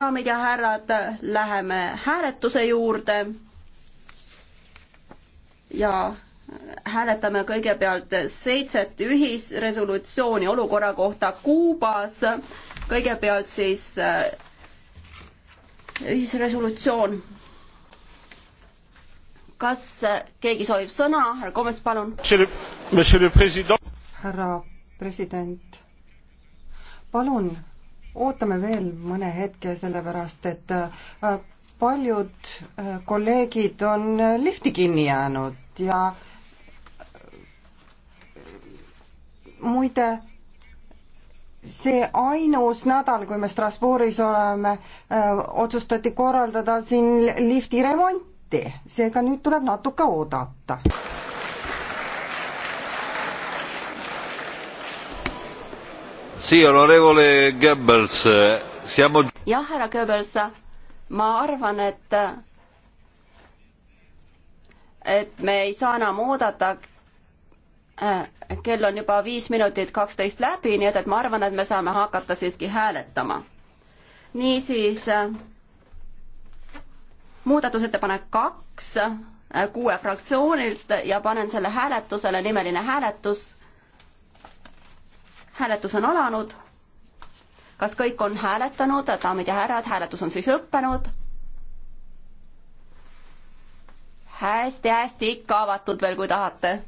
daamid ja härrad, läheme hääletuse juurde. ja hääletame kõigepealt seitset ühisresolutsiooni olukorra kohta Kuubas. kõigepealt siis äh, ühisresolutsioon. kas keegi soovib sõna? härra Komes, palun. härra president, palun ootame veel mõne hetke, sellepärast et äh, paljud äh, kolleegid on äh, lifti kinni jäänud ja muide, see ainus nädal, kui me Strasbourgis oleme, otsustati korraldada siin lifti remonti, seega nüüd tuleb natuke oodata. jah, härra Goebbels, ma arvan, et et me ei saa enam oodata äh, kell on juba viis minutit kaksteist läbi, nii et, et ma arvan, et me saame hakata siiski hääletama. niisiis muudatusettepanek kaks äh, kuue fraktsioonilt ja panen selle hääletusele, nimeline hääletus hääletus on alanud. kas kõik on hääletanud, daamid ja härrad, hääletus on siis lõppenud hästi-hästi ikka avatud veel, kui tahate.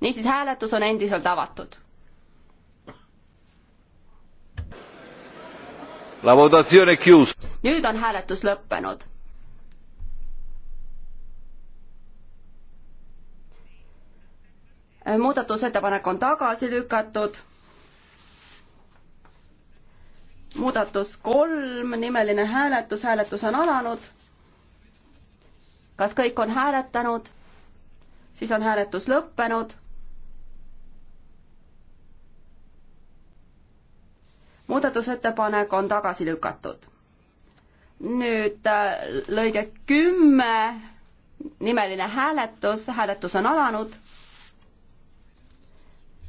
niisiis, hääletus on endiselt avatud. nüüd on hääletus lõppenud muudatusettepanek on tagasi lükatud. muudatus kolm, nimeline hääletus, hääletus on alanud. kas kõik on hääletanud? siis on hääletus lõppenud. muudatusettepanek on tagasi lükatud. nüüd äh, lõige kümme, nimeline hääletus, hääletus on alanud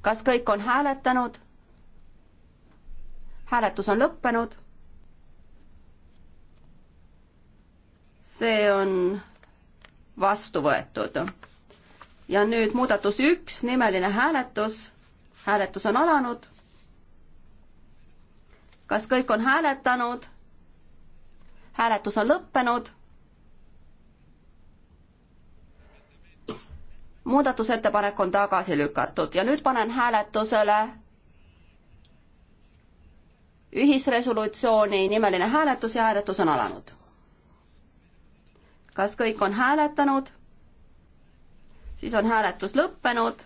kas kõik on hääletanud? hääletus on lõppenud. see on vastu võetud. ja nüüd muudatus üks, nimeline hääletus. hääletus on alanud. kas kõik on hääletanud? hääletus on lõppenud muudatusettepanek on tagasi lükatud ja nüüd panen hääletusele ühisresolutsiooni nimeline hääletus ja hääletus on alanud. kas kõik on hääletanud? siis on hääletus lõppenud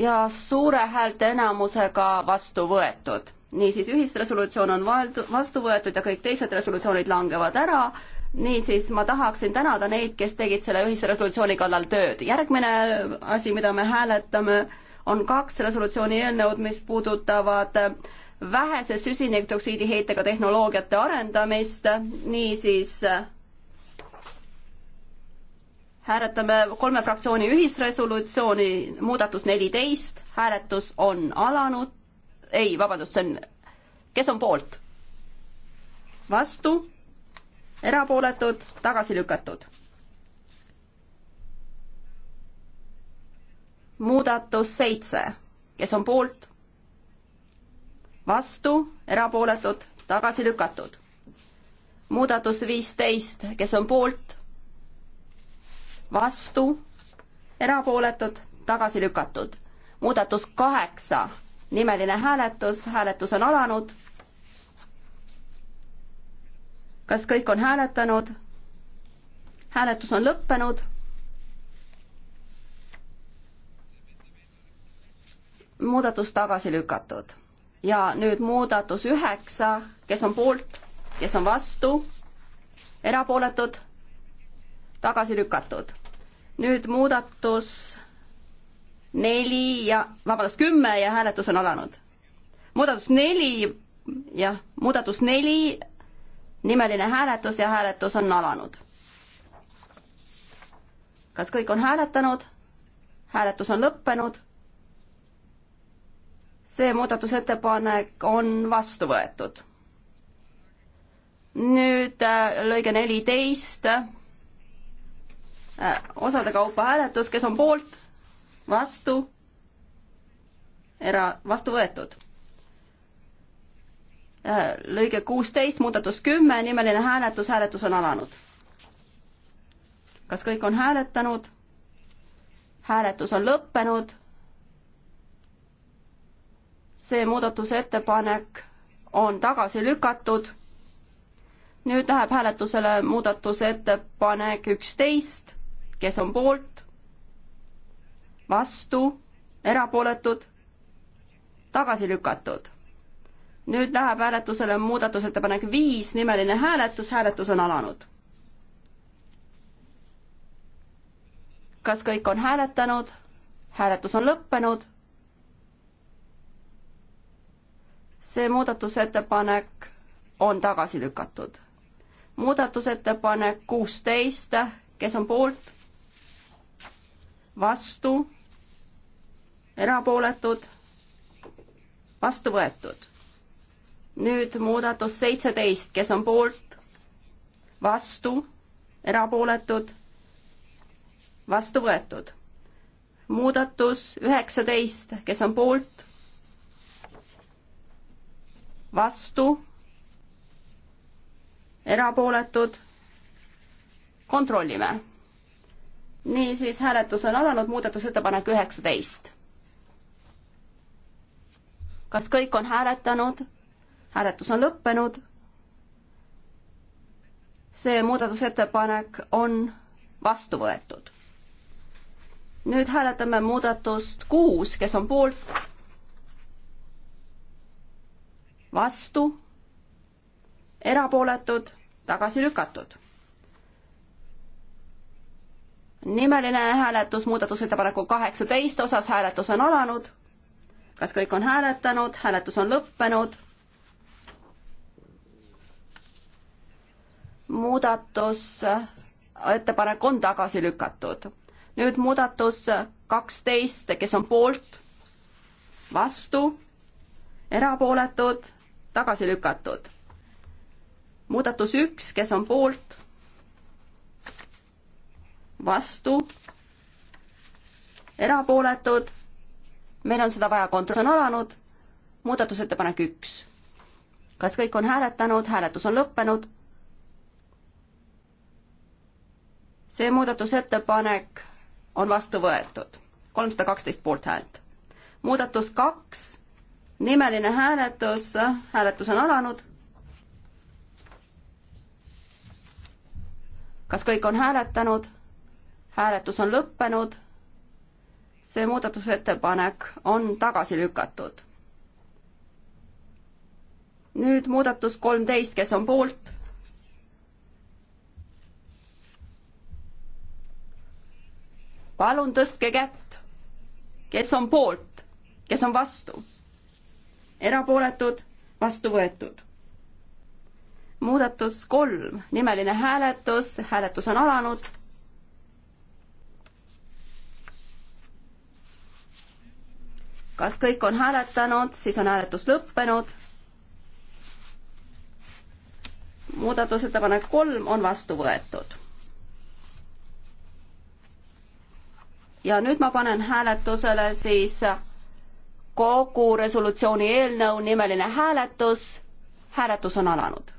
ja suure häälteenamusega vastu võetud. niisiis, ühisresolutsioon on vastu võetud ja kõik teised resolutsioonid langevad ära, niisiis ma tahaksin tänada neid, kes tegid selle ühisresolutsiooni kallal tööd. järgmine asi, mida me hääletame, on kaks resolutsiooni eelnõud, mis puudutavad vähese süsinikdoksiidi heitega tehnoloogiate arendamist, niisiis hääletame kolme fraktsiooni ühisresolutsiooni, muudatus neliteist, hääletus on alanud, ei, vabandust, see on, kes on poolt? vastu, erapooletud, tagasi lükatud. muudatus seitse, kes on poolt? vastu, erapooletud, tagasi lükatud. muudatus viisteist, kes on poolt? vastu, erapooletud, tagasi lükatud. muudatus kaheksa, nimeline hääletus, hääletus on alanud. kas kõik on hääletanud? hääletus on lõppenud. muudatus tagasi lükatud ja nüüd muudatus üheksa, kes on poolt, kes on vastu, erapooletud, tagasi lükatud nüüd muudatus neli ja, vabandust, kümme ja hääletus on alanud. muudatus neli, jah, muudatus neli, nimeline hääletus ja hääletus on alanud. kas kõik on hääletanud? hääletus on lõppenud. see muudatusettepanek on vastu võetud. nüüd äh, lõige neliteist Äh, osade kaupa hääletus, kes on poolt, vastu, era-, vastu võetud. Äh, lõige kuusteist, muudatus kümme, nimeline hääletus, hääletus on alanud. kas kõik on hääletanud? hääletus on lõppenud. see muudatusettepanek on tagasi lükatud nüüd läheb hääletusele muudatusettepanek üksteist kes on poolt, vastu, erapooletud, tagasi lükatud. nüüd läheb hääletusele muudatusettepanek viis, nimeline hääletus, hääletus on alanud. kas kõik on hääletanud? hääletus on lõppenud. see muudatusettepanek on tagasi lükatud muudatusettepanek kuusteist, kes on poolt? vastu, erapooletud, vastu võetud. nüüd muudatus seitseteist, kes on poolt, vastu, erapooletud, vastu võetud. muudatus üheksateist, kes on poolt, vastu, erapooletud, kontrollime niisiis, hääletus on alanud, muudatusettepanek üheksateist. kas kõik on hääletanud? hääletus on lõppenud. see muudatusettepanek on vastu võetud. nüüd hääletame muudatust kuus, kes on poolt, vastu, erapooletud, tagasi lükatud nimeline hääletus muudatusettepaneku kaheksateist osas hääletus on alanud. kas kõik on hääletanud, hääletus on lõppenud? muudatusettepanek äh, on tagasi lükatud. nüüd muudatus kaksteist, kes on poolt, vastu, erapooletud, tagasi lükatud. muudatus üks, kes on poolt vastu, erapooletud, meil on seda vaja kontrollida, on alanud, muudatusettepanek üks. kas kõik on hääletanud, hääletus on lõppenud? see muudatusettepanek on vastu võetud, kolmsada kaksteist poolthäält. muudatus kaks, nimeline hääletus, hääletus on alanud. kas kõik on hääletanud? hääletus on lõppenud. see muudatusettepanek on tagasi lükatud. nüüd muudatus kolmteist, kes on poolt? palun tõstke kätt, kes on poolt, kes on vastu? erapooletud, vastu võetud muudatus kolm, nimeline hääletus, hääletus on alanud kas kõik on hääletanud, siis on hääletus lõppenud. muudatusettepanek kolm on vastu võetud. ja nüüd ma panen hääletusele siis kogu resolutsiooni eelnõu nimeline hääletus. hääletus on alanud.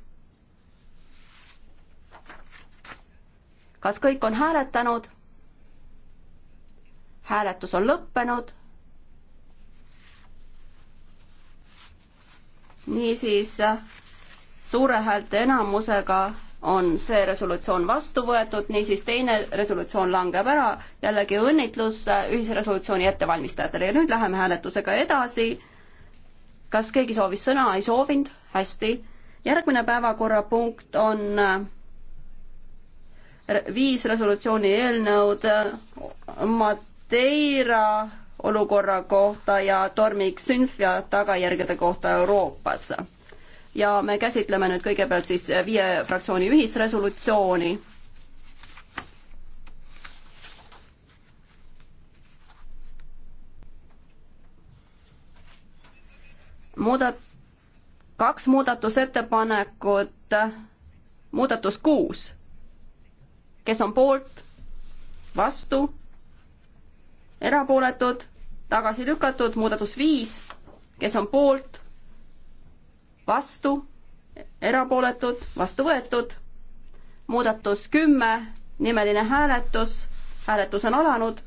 kas kõik on hääletanud? hääletus on lõppenud niisiis suure häälte enamusega on see resolutsioon vastu võetud, niisiis teine resolutsioon langeb ära, jällegi õnnitlus ühisresolutsiooni ettevalmistajatele ja nüüd läheme hääletusega edasi. kas keegi soovis sõna, ei soovinud, hästi. järgmine päevakorrapunkt on äh, viis resolutsiooni eelnõud Madeira olukorra kohta ja tormi Xünfia tagajärgede kohta Euroopas. ja me käsitleme nüüd kõigepealt siis viie fraktsiooni ühisresolutsiooni muudat-, kaks muudatusettepanekut, muudatus kuus. kes on poolt, vastu, erapooletud, tagasi lükatud, muudatus viis, kes on poolt, vastu, erapooletud, vastu võetud, muudatus kümme, nimeline hääletus, hääletus on alanud,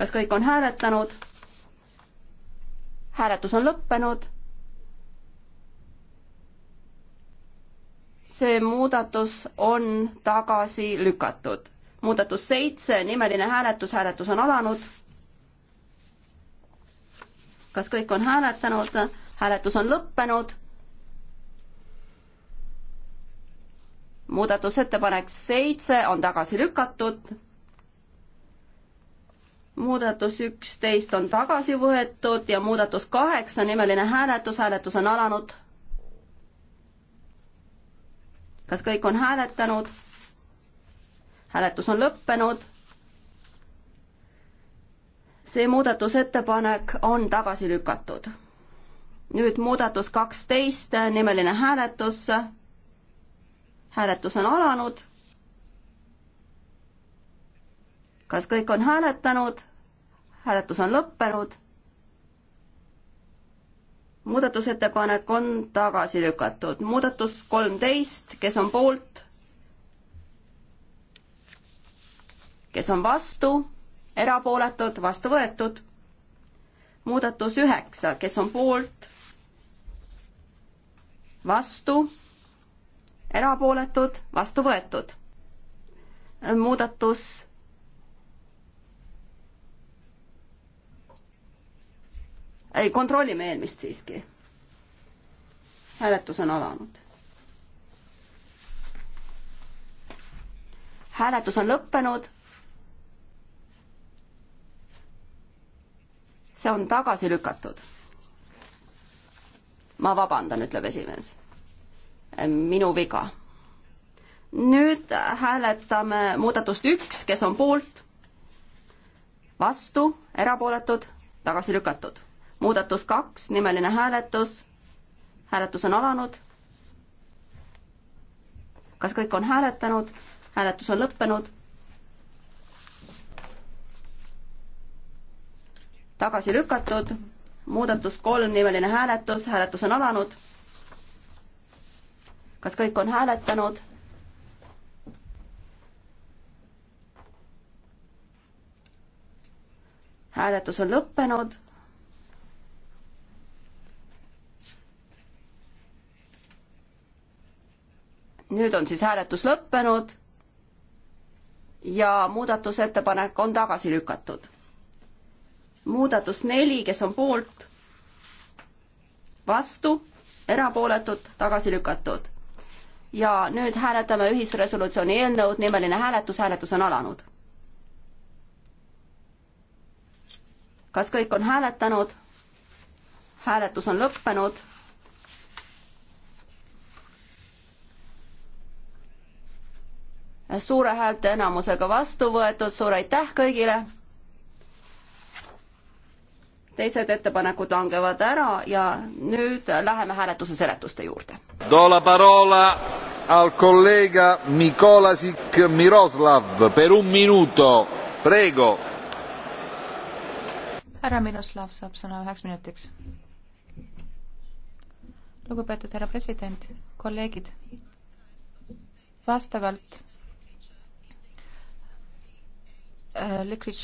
kas kõik on hääletanud? hääletus on lõppenud. see muudatus on tagasi lükatud. muudatus seitse, nimeline hääletus, hääletus on alanud kas kõik on hääletanud? hääletus on lõppenud. muudatusettepanek seitse on tagasi lükatud. muudatus üksteist on tagasi võetud ja muudatus kaheksa nimeline hääletus, hääletus on alanud. kas kõik on hääletanud? hääletus on lõppenud see muudatusettepanek on tagasi lükatud. nüüd muudatus kaksteist, nimeline hääletus. hääletus on alanud. kas kõik on hääletanud? hääletus on lõppenud. muudatusettepanek on tagasi lükatud. muudatus kolmteist, kes on poolt? kes on vastu? erapooletud, vastu võetud. muudatus üheksa, kes on poolt, vastu, erapooletud, vastu võetud. muudatus ei, kontrollime eelmist siiski. hääletus on alanud. hääletus on lõppenud see on tagasi lükatud. ma vabandan, ütleb esimees. minu viga. nüüd hääletame muudatust üks, kes on poolt, vastu, erapooletud, tagasi lükatud. muudatus kaks, nimeline hääletus. hääletus on alanud. kas kõik on hääletanud? hääletus on lõppenud tagasi lükatud, muudatus kolm, nimeline hääletus, hääletus on alanud. kas kõik on hääletanud? hääletus on lõppenud. nüüd on siis hääletus lõppenud ja muudatusettepanek on tagasi lükatud muudatus neli, kes on poolt, vastu, erapooletud, tagasi lükatud. ja nüüd hääletame ühisresolutsiooni eelnõud, nimeline hääletus, hääletus on alanud. kas kõik on hääletanud? hääletus on lõppenud suure häälte enamusega vastu võetud, suur aitäh kõigile! teised ettepanekud langevad ära ja nüüd läheme hääletuse seletuste juurde. Do la parola al collega Mikolasik Miroslav per un minuto, prego. härra Miroslav saab sõna üheks minutiks. lugupeetud härra president, kolleegid, vastavalt äh,